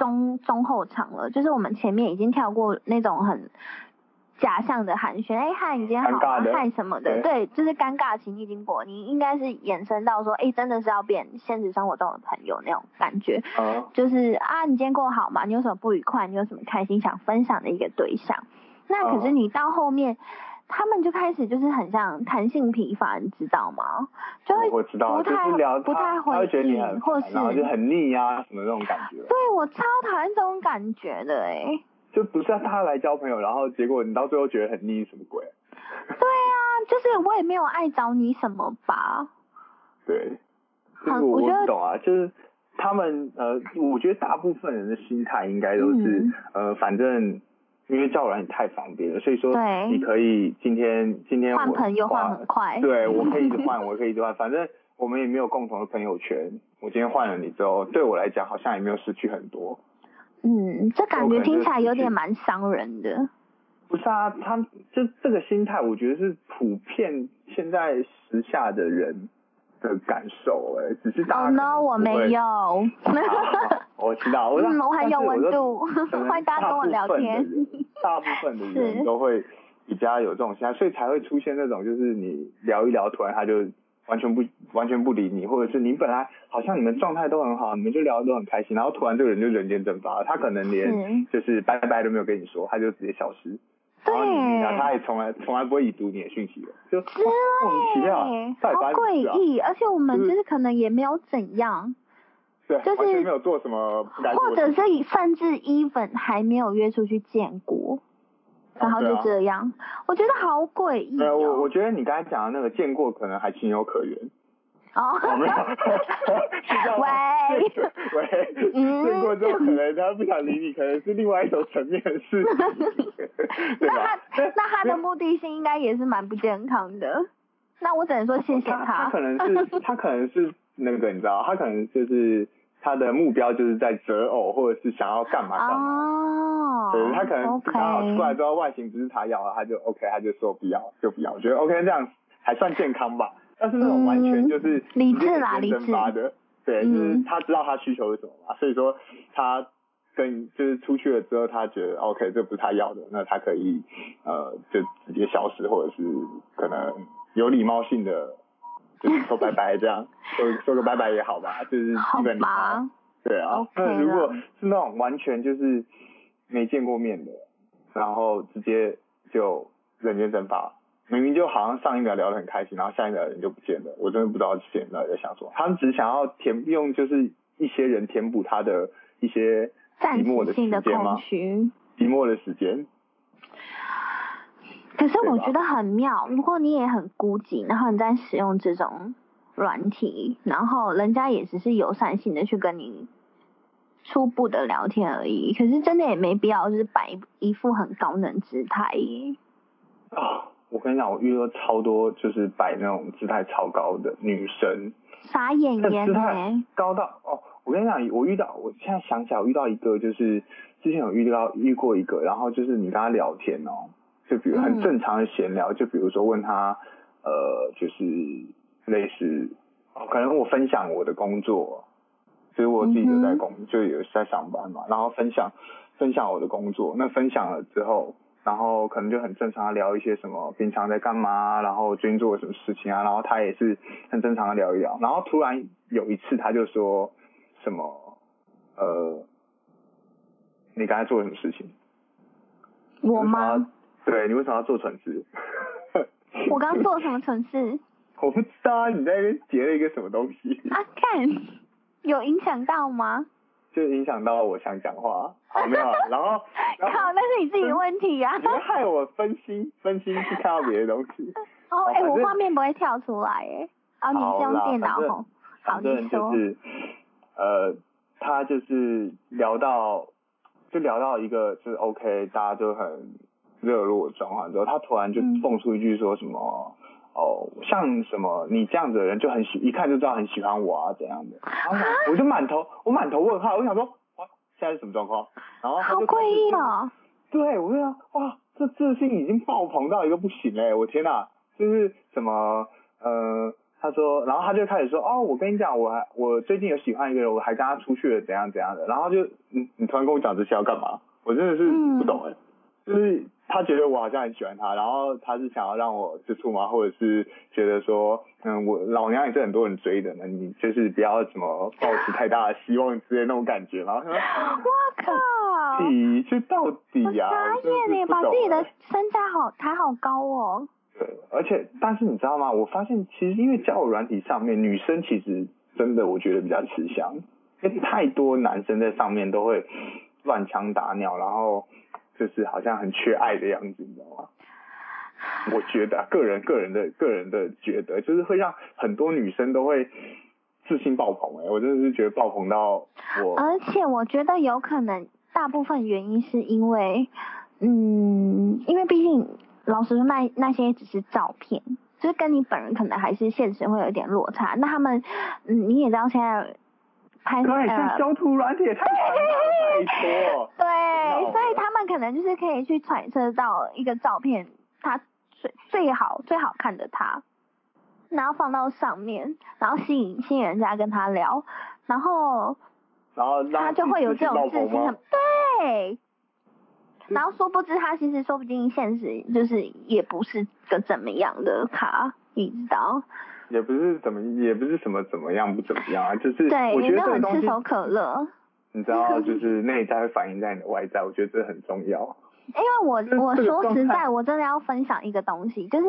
A: 中中後場了，就是我們前面已經跳過那種很假象的寒暄，哎、欸，嗨，你今天好，啊、嗨什麼的，對，對，就是尷尬的情緒經過，你應該是衍生到說，哎、欸，真的是要變現實生活中的朋友那種感覺，嗯、就是啊，你今天過好嗎？你有什麼不愉快？你有什麼開心想分享的一個對象？那可是你到後面。嗯他們就開始就是很像彈性疲乏，你知道嗎？
B: 就會不太不太回應，或是然後就很膩啊，什麼這種感覺。
A: 對，我超討厭這種感覺的哎、欸。
B: 就不是大他來交朋友，然後結果你到最後覺得很膩，什麼鬼？
A: 對啊，就是我也沒有礙着你什麼吧。
B: 對，
A: 好、就是，我覺得我
B: 懂啊，就是他們呃，我覺得大部分人的心態應該都是、嗯、呃，反正。因為交友也太方便了，所以說你可以今天對今天換朋友換很快，對，我可以一直換，我可以一直換，反正我們也沒有共同的朋友圈。我今天換了你之後，對我來講好像也沒有失去很多。
A: 嗯，這感覺、就是、聽起來有點蠻傷人的。不是啊，他就
B: 這個心態，我覺得是普遍現在時下的人的感受哎，只是大家可能、oh、no, 我沒有。 哦、我知道，但有、嗯、我還有溫度。歡迎大，大家跟我聊天， 大部分的人都會比較有這種心態，是所以才會出現那種就是你聊一聊，突然他就完全不完全不理你，或者是你本來好像你們狀態都很好，你們就聊得都很開心，然後突然這個人就人間蒸發了，他可能連就是拜拜都沒有跟你說，他就直接消失，是然後
A: 對，然後他也
B: 從來從來不會已讀你的訊息了，就莫
A: 名其妙，對啊、好詭異，而且我們就是可能也沒有怎樣。就是
B: 就是沒有做什麼，或者是
A: 甚至 even 還沒有約出去見過，然後就這樣，我覺得好詭異。呃，
B: 我我覺得你剛才講的那個見過，可能還情有可原。
A: 哦，是這樣。喂喂，見過之後
B: 可能他不想理你，可能是另外一種層面的事
A: 情。那他那他的目的性應該也是蠻不健康的。那我只能說，謝謝他。他可能是他
B: 可能是那個，你知道，他可能就是。他的目標就是在擇偶，或者是想要幹嘛幹嘛。哦，oh,
A: 對，他可能剛好
B: 出來之後 Okay. 外形不是他要的，他就 OK，他就說不要就不要，我覺得 OK 這樣還算健康吧。嗯、但是那種完全就是理智啦，理智的，對，就是他知道他需求是什麼嘛，嗯、所以說他跟就是出去了之後，他覺得 OK 這不是他要的，那他可以呃就直接消失，或者是可能有禮貌性的。就是說拜拜這樣， 說個說個拜拜也好吧，啊、就是基本好吧對啊，okay、了那如果是那種完全就是沒見過面的，然後直接就人間蒸發，明明就好像上一秒聊得很開心，然後下一秒人就不見了，我真的不知道這些人到底在想什麼。他們只想要填用，就是一些人填補他的一些寂寞的時間嗎？寂寞的、的時間。
A: 可是我覺得很妙，吧如果你也很孤寂，然後你在使用這種軟體，然後人家也只是友善性的去跟你初步的聊天而已。可是真的也沒必要就是擺一副很高冷姿態。
B: 啊、哦，我跟你講，我遇到超多就是擺那種姿態超高的女生，
A: 傻眼，欸，那姿態
B: 高到哦！我跟你講，我遇到，我現在想起來，我遇到一個就是之前有遇到遇過一個，然後就是你跟他聊天哦。就比如很正常的閒聊，嗯、就比如說問他，呃，就是類似，可能我分享我的工作，其、就、實、是、我自己就在工，嗯、哼就有在上班嘛，然後分享分享我的工作，那分享了之後，然後可能就很正常的聊一些什麼，平常在幹嘛，然後最近做了什麼事情啊，然後他也是很正常的聊一聊，然後突然有一次他就說什麼，呃，你剛才做了什麼事情？
A: 我
B: 嗎？對你為什麼要做蠢事？
A: 我剛做什麼蠢事？
B: 我不知道你在那邊截了一個什麼東西。啊，看
A: 有影響到嗎？
B: 就影響到我想講話，好沒有、啊。然後，然後靠，那是你自己的問題啊！嗯、你害我分心，分心去看到別的東西。
A: 哦、oh,，哎、欸，我畫面不會跳出來，哎啦，哦你是用電腦吼？正好，就是、你說。就是，
B: 呃，他就是聊到，就聊到一個，就是 OK，大家就很熱絡轉換之後，他突然就蹦出一句說什麼、嗯、哦，像什麼你這樣子的人就很喜，一看就知道很喜歡我啊怎樣的，然後,然後我就滿頭蛤我滿頭問號，我想說哇現在是什麼狀況？然後好詭異哦，對，我就想，哇，這自信已經爆棚到一個不行誒、欸、我天哪、啊，就是什麼呃，他說，然後他就開始說哦，我跟你講，我還我最近有喜歡一個人，我還跟他出去了，怎樣怎樣的，然後就你你突然跟我講這些要幹嘛？我真的是不懂、欸嗯就是他覺得我好像很喜歡他，然後他是想要讓我吃醋嗎？或者是覺得說，嗯，我老娘也是很多人追的呢，你就是不要什麼抱持太大的希望之類那種感覺嗎？
A: 哇靠，底
B: 就到底啊！撒野呢，把自己的
A: 身價好抬好高哦。對，
B: 而且但是你知道嗎？我發現其實因為交友軟體上面女生其實真的我覺得比較吃香，因為太多男生在上面都會亂槍打鳥，然後。就是好像很缺愛的樣子，你知道嗎？我覺得個人個人的個人的覺得，就是會讓很多女生都會自信爆棚哎！我真的是覺得爆棚到我。而
A: 且我覺得有可能大部分原因是因為，嗯，因為畢竟老實說，那那些只是照片，就是跟你本人可能還是現實會有一點落差。那他們，嗯，你也知道現在拍的，對，像修圖軟體太、太多，對，所以他。可能就是可以去揣測到一個照片，他最最好最好看的他，然後放到上面，然後吸引吸引人家跟他聊，然後
B: 然後他就會有這種自信，
A: 對。然後殊不知他其實說不定現實就是也不是個怎麼樣的卡，你知道？
B: 也不是怎麼，也不是什麼怎麼樣不怎麼樣啊，就是對，我覺得很炙手可熱。你知道，就是內在會反映在你的外在， 我覺得這很重要。
A: 因為我我說實在， 我真的要分享一個東西，就是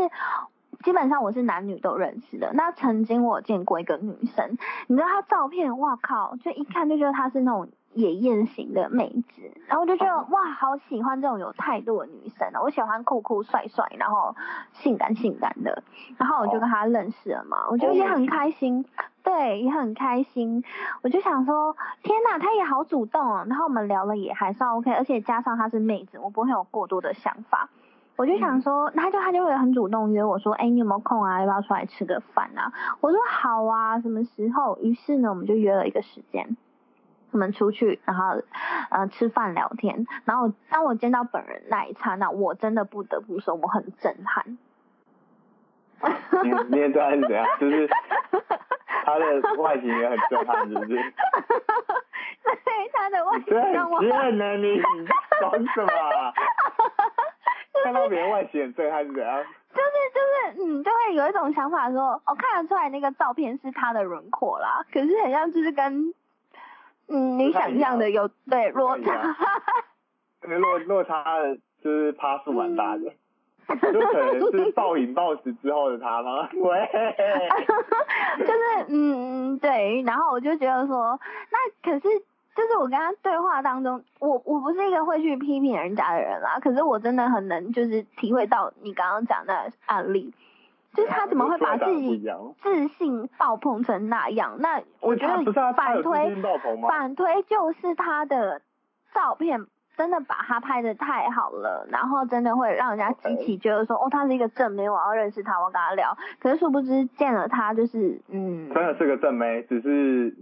A: 基本上我是男女都認識的。那曾經我見過一個女生，你知道她照片，哇靠，就一看就覺得她是那種。野艷型的妹子，然後我就覺得、哦、哇，好喜歡這種有態度的女生啊！我喜歡酷酷帥帥，然後性感性感的，然後我就跟她認識了嘛，哦、我覺得也很開心，哦、耶對，也很開心。我就想說，天哪，她也好主動哦、喔。然後我們聊了也還算 OK，而且加上她是妹子，我不會有過多的想法。我就想說，嗯、她就她就會很主動約我說，哎、欸，你有沒有空啊？要不要出來吃個飯啊？我說好啊，什麼時候？於是呢，我們就約了一個時間。我們出去，然後呃吃飯聊天，然後當我見到本人那一剎那，我真的不得不說我很震撼。
B: 啊、你面對還是怎樣？就是
A: 他的外形也很震撼，是、就、不是？對， 他的外形很震撼。你
B: 狂什麼、啊、 看到別人外形很
A: 震撼是怎樣？就是就是，你就會有一種想法說，我、哦、看得出來那個照片是他的輪廓啦，可是很像就是跟。嗯，你想象的有對。 可落差，
B: 哈哈，落落差就是趴數蠻大的，嗯、就可能是暴飲暴食之後的他嗎？喂，
A: 就是嗯嗯對，然後我就覺得說，那可是就是我跟他對話當中，我我不是一個會去批評人家的人啦，可是我真的很能就是體會到你剛剛講的案例。就是他怎麼會把自己自信爆棚成那樣？那我覺得反推反推，就是他的照片真的把他拍的太好了，然後真的會讓人家激起覺得說 Okay. 哦，他是一個正妹，我要認識他，我要跟他聊。可是殊不知見了他就是嗯，
B: 真的是個正妹，只是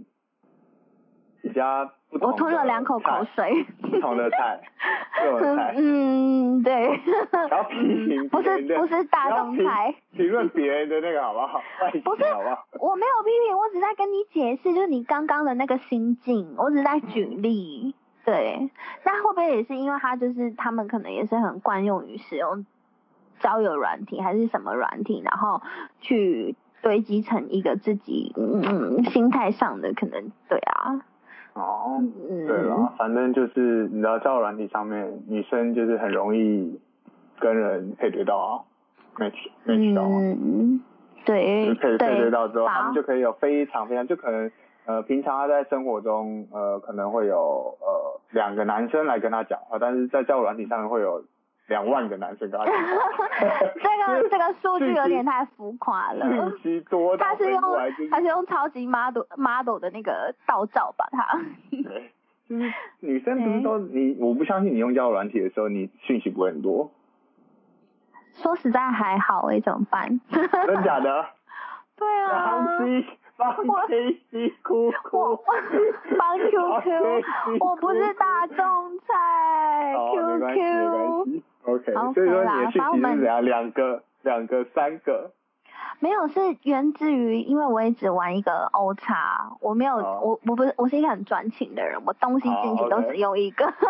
B: 比較。我吞了兩
A: 口口水不，不同的菜， 嗯，對，然後批評，
B: 不是不是大眾菜，評論別人的那個好不好？ 不是，好不
A: 好我沒有批評，我只在跟你解釋，就是你剛剛的那個心境，我只在舉例，對。那會不會也是因為他就是他們可能也是很慣用於使用交友軟體還是什麼軟體，然後去堆積成一個自己嗯，嗯心態上的可能，對啊。哦，oh, 嗯、對了、啊，
B: 反正就是你知道，在交友軟體上面，女生就是很容易跟人配對到啊
A: ，match，match 到嘛。嗯，match, 嗯對，對，把。配對到之後，他們就
B: 可以有非常非常，就可能、呃、平常他在生活中、呃、可能會有呃兩個男生來跟他講話，但是在交友軟體上面會有。兩萬個
A: 男生，剛剛這個這個數據有點太浮誇了，訊
B: 息多，他是用他是
A: 用超級 model model 的那個盜照把他。
B: 對，女生不是說你，我不相信你用交友軟體的時候，你訊息不會很多。
A: 說實在還好，誒怎麼辦？
B: 真假的？
A: 對啊。幫西幫西西，哭哭。幫 Q Q，我不是大眾菜，Q Q。O.K. okay 所以說連續兩兩
B: 個兩個三個，
A: 沒有是源自於，因為我也只玩一個歐叉，我沒有、oh. 我我不是我是一個很專情的人，我東西進去都只有一個。Oh,
B: okay.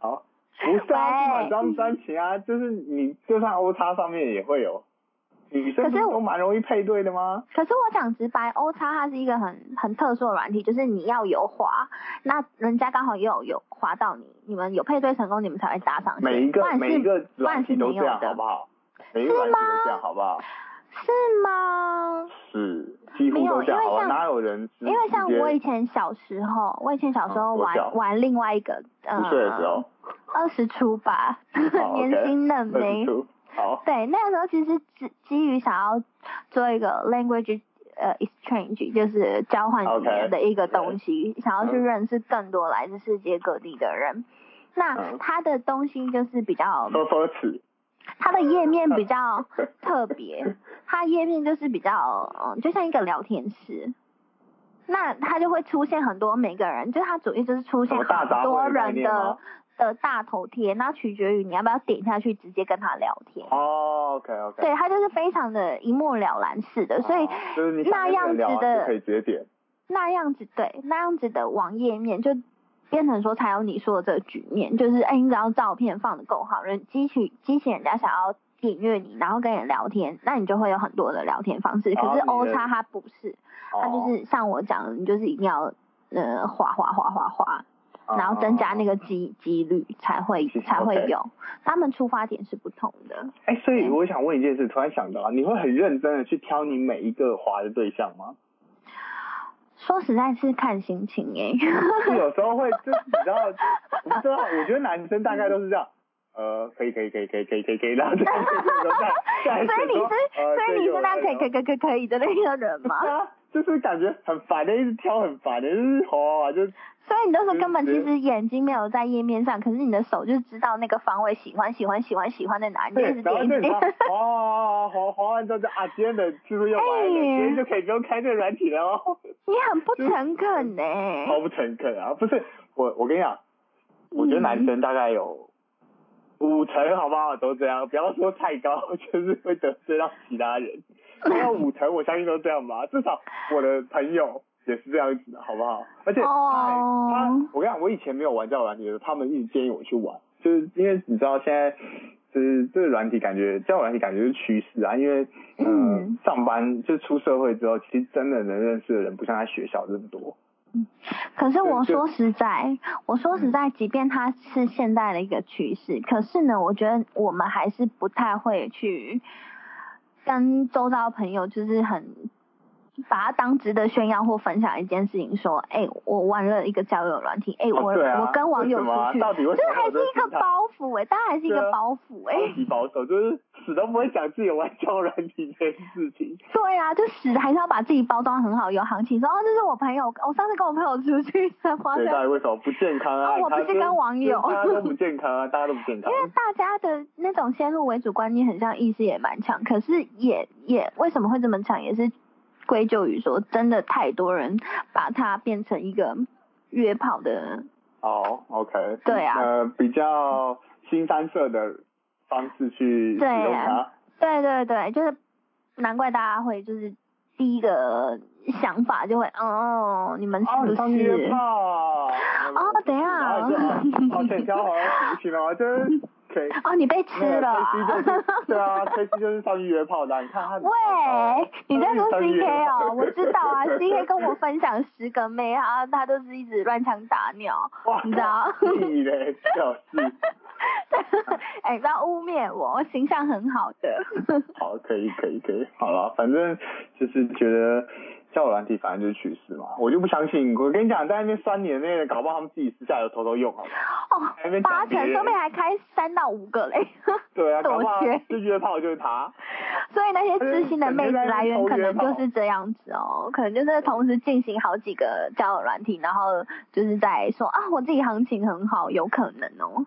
B: 好，不對、啊，專不專情啊，就是你就算歐叉上面也會有。可是
A: 我蠻容易配對的嗎？可是我講直白，歐叉它是一個很很特殊的軟體，就是你要有滑，那人家剛好又有滑到你，你們有配對成功，你們才會打賞。每一個每一個軟體
B: 都這樣，好不好？是嗎？是嗎？是，幾乎都這樣，沒有，哪有人？因為像我以
A: 前小時候，我以前小時候玩玩另外一個，二十出吧，年輕的沒。Oh. 對，那個時候其實只基於，想要做一個 language 呃 exchange，就是交換的一個東西，Okay. 想要去認識更多來自世界各地的人。那他的東西就是比較多，侈，它的頁面比較特別，它頁面就是比較嗯，就像一個聊天室。那他就會出現很多每個人，就他主頁就是出現很多人的。的大頭貼，那取決於你要不要點下去直接跟他聊天哦、
B: oh，OK OK，對，他就
A: 是非常的一目了然式的，oh, 所以那樣子的、啊就是、可以直接點，那樣子對，那樣子的網頁面就變成說才有你說的這個局面，就是哎、欸，你只要照片放得夠好，人激起激起人家想要點閱你，然後跟人聊天，那你就會有很多的聊天方式。Oh, 可是歐叉他不是，'re 他就是像我講，的，你就是一定要呃滑滑滑滑滑，滑然後增加那個機幾率才會、uh huh. 才會有，Okay. 他們出發點是不同的。
B: 哎、欸，所以我想問一件事，Okay. 突然想到，啊，你會很認真的去挑你每一個滑的對象嗎？
A: 說實在是看心情哎、欸，有
B: 時候會就比較，就是你知道，我覺得男生大概都是這樣， 呃，可以可以可以可以可以可以可以，然後這樣子 所以你是，所以你是那可以
A: 可可以， 可以的那個人嗎？
B: 就是感覺很煩的，一直挑很煩的，就是啊、哦、就。所以你都是根本其實
A: 眼睛沒有在頁面上，可是你的手就知道那個方位喜，喜歡喜歡喜歡喜歡在哪，你一直點。對，然後那他
B: 滑滑滑完之後就阿健的，就是要玩，別、哦、人、哦哦嗯啊欸、就可以不用開這個軟體了。你很不誠懇呢。好不誠懇啊！不是我，我跟你講，
A: 我覺得男
B: 生大概有五成，好不好？都這樣，不要說太高，就是會得罪到其他人。五成， 我相信都是這樣吧。至少我的朋友也是這樣子的，好不好？而且他、
A: oh. 哎、他，
B: 我跟你講，我以前沒有玩交友軟體的時候，他們一直建議我去玩，就是因為你知道現在就是這個軟體感覺，交友軟體感覺是趨勢啊。因為、呃、嗯，上班就出社會之後，其實真的能認識的人不像在學校這麼多。
A: 可是我說實在，我說實在，嗯、即便它是現代的一個趨勢，可是呢，我覺得我們還是不太會去。跟周遭朋友就是很。把它當值得炫耀或分享一件事情，說，哎、欸，我玩了一個交友軟體，哎、欸，我、哦啊、我跟網友出去，就是還是一個包袱哎、欸，大家還是一個包袱哎、欸，自己、啊、
B: 保守，就是死都不會想自己玩交
A: 友軟體這件事情。對啊，就死還是要把自己包裝很好，有行情說，哦，這是我朋友，我、哦、上次跟我朋友出去才發現。所以到底
B: 為什麼不健康啊？哦、我不是跟網友，大家都不健
A: 康啊，大家都不健康。 因為大家的那種先入為主觀念，很像意識也蠻強，可是也也為什麼會這麼強，也是。歸咎於說，真的太多人把它變成一個約炮的
B: 人，哦、oh,，OK，對啊，呃，比較新三色的方式去使用它，
A: 對對對，就是難怪大家會就是第一個想法就會，哦你們是不是約、啊、炮？哦、嗯，oh, 等一下，好緊、
B: 哦、張，我要醒醒就是 Okay. 哦，你被吃了、啊就是？對啊，這次 就是上約炮的、啊，你看他。喂，啊、你在說 C K 哦？我知道啊 ，C K 跟我
A: 分享十個妹啊，他都是一直亂槍打鳥哇你、欸，你知道？你的小雞。哎，不要污衊我，我形象很好的。
B: 好，可以，可以，可以，好了，反正就是覺得。交友軟體反正就是取勢嘛，我就不相信。我跟你講，在那邊酸你的那個搞不好他們自己私下就偷偷用
A: 好不好。哦，八成上面還開三到五個嘞。
B: 對啊，多缺謝，就覺得泡就是爬。
A: 所以那些知心的妹子來源可能就是這樣子哦，嗯、可能就是同時進行好幾個交友軟體，然後就是在說啊，我自己行情很好，有可能哦。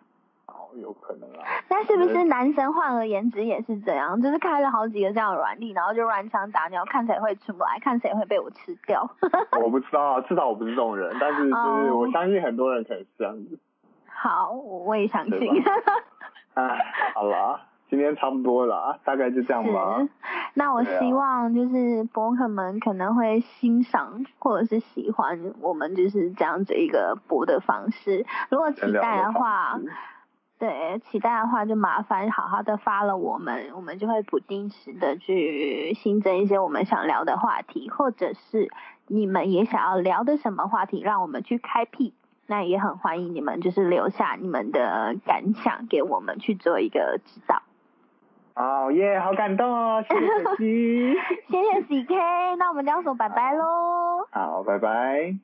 A: 有可能啊，那是不是男生換而言之也是這樣？就是開了好幾個這樣的軟體，然後就亂槍打鳥，看誰會出不來，看誰會被我吃掉。
B: 我不知道，啊，至少我不是這種人，但是我相信很多人可能是這樣子。
A: Oh, 好，我，我也相信。
B: 好了，今天差不多了，大概就這樣吧。
A: 那我希望就是播客們，可能會欣賞或者是喜歡我們就是這樣子一個播的方式。如果期待的話。對，期待的話就麻煩好好的 follow 我們，我們就會不定時的去新增一些我們想聊的話題，或者是你們也想要聊的什麼話題，讓我們去開闢。那也很歡迎你們，就是留下你們的感想給我們去做一個指導。哦耶，好感動哦，謝謝 KC， 謝謝 CK。那我們就要說拜拜嘍。好，
B: 拜拜。